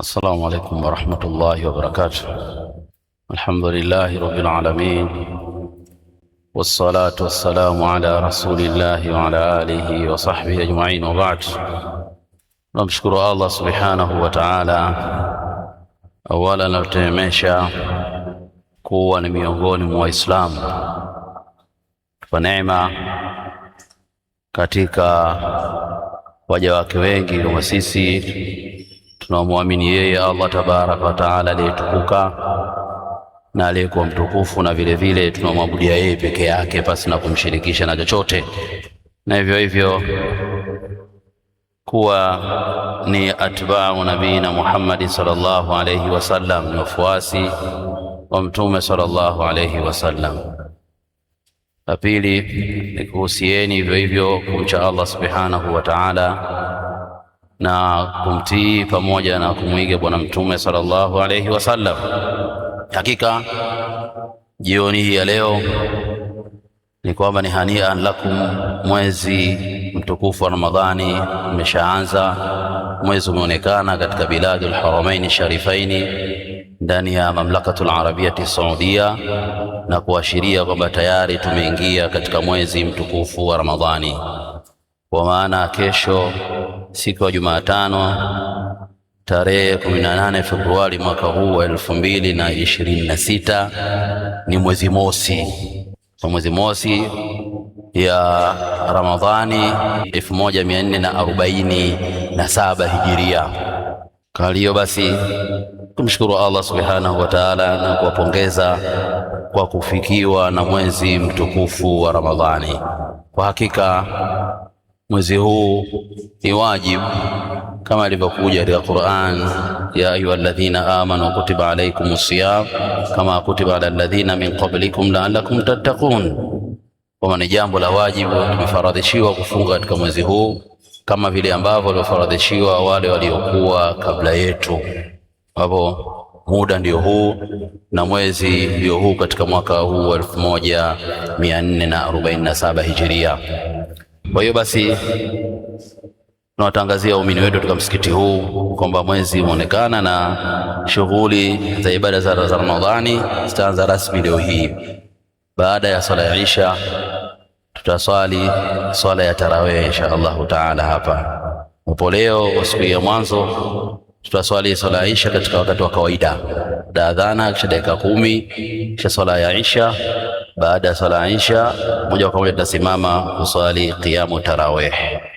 السلام عليكم ورحمة الله وبركاته الحمد لله رب العالمين والصلاة والسلام على رسول الله وعلى آله وصحبه أجمعين وبعد نمشكر الله سبحانه وتعالى أولا natuneemesha kuwa ni miongoni mwa Waislamu kwa neema katika waja wake wengi kama sisi tunamwamini yeye Allah tabaraka wa taala aliyetukuka na aliyekuwa mtukufu, na vile vile tunamwabudia yeye peke yake pasi na kumshirikisha na chochote, na hivyo hivyo kuwa ni atbau na Muhammadi sallallahu alayhi wasallam, ni wafuasi wa mtume sallallahu alayhi wasallam. La pili nikuhusieni hivyo hivyo kumcha Allah subhanahu wa taala na kumtii pamoja na kumwiga Bwana Mtume sallallahu alaihi wasallam. Hakika jioni hii ya leo ni kwamba ni hanian lakum, mwezi mtukufu wa Ramadhani umeshaanza, mwezi umeonekana katika biladul haramaini sharifaini ndani ya mamlakatul arabiyati saudia, na kuashiria kwamba tayari tumeingia katika mwezi mtukufu wa Ramadhani kwa maana kesho siku ya Jumatano tarehe 18 Februari mwaka huu wa elfu mbili na ishirini na sita ni mwezi mosi kwa mwezi mosi ya Ramadhani elfu moja mia nne na arobaini na saba hijiria. Kaliyo basi kumshukuru Allah subhanahu wa taala na kuwapongeza kwa kufikiwa na mwezi mtukufu wa Ramadhani. Kwa hakika mwezi huu ni wajibu kama ilivyokuja katika Qur'an, ya ayuha alladhina amanu kutiba alaykum siyam kama kutiba ala alladhina min qablikum la'allakum tattaqun, kwamba ni jambo la wajibu, tumefaradhishiwa kufunga katika mwezi huu kama vile ambavyo waliofaradhishiwa wale waliokuwa kabla yetu. Hapo muda ndio huu na mwezi ndio huu katika mwaka huu 1447 Hijiria. Kwa hiyo basi tunawatangazia waumini wetu katika msikiti huu kwamba mwezi umeonekana na shughuli za ibada za Ramadhani zitaanza rasmi leo hii. Baada ya swala ya Isha tutaswali swala ya tarawih insha Allahu taala hapa upo leo wa siku ya mwanzo tutaswali swala ya Isha katika wakati wa kawaida da adhana, kisha dakika kumi, kisha swala ya Isha. Baada ya swala ya Isha moja kwa moja tutasimama kuswali qiyamu tarawih.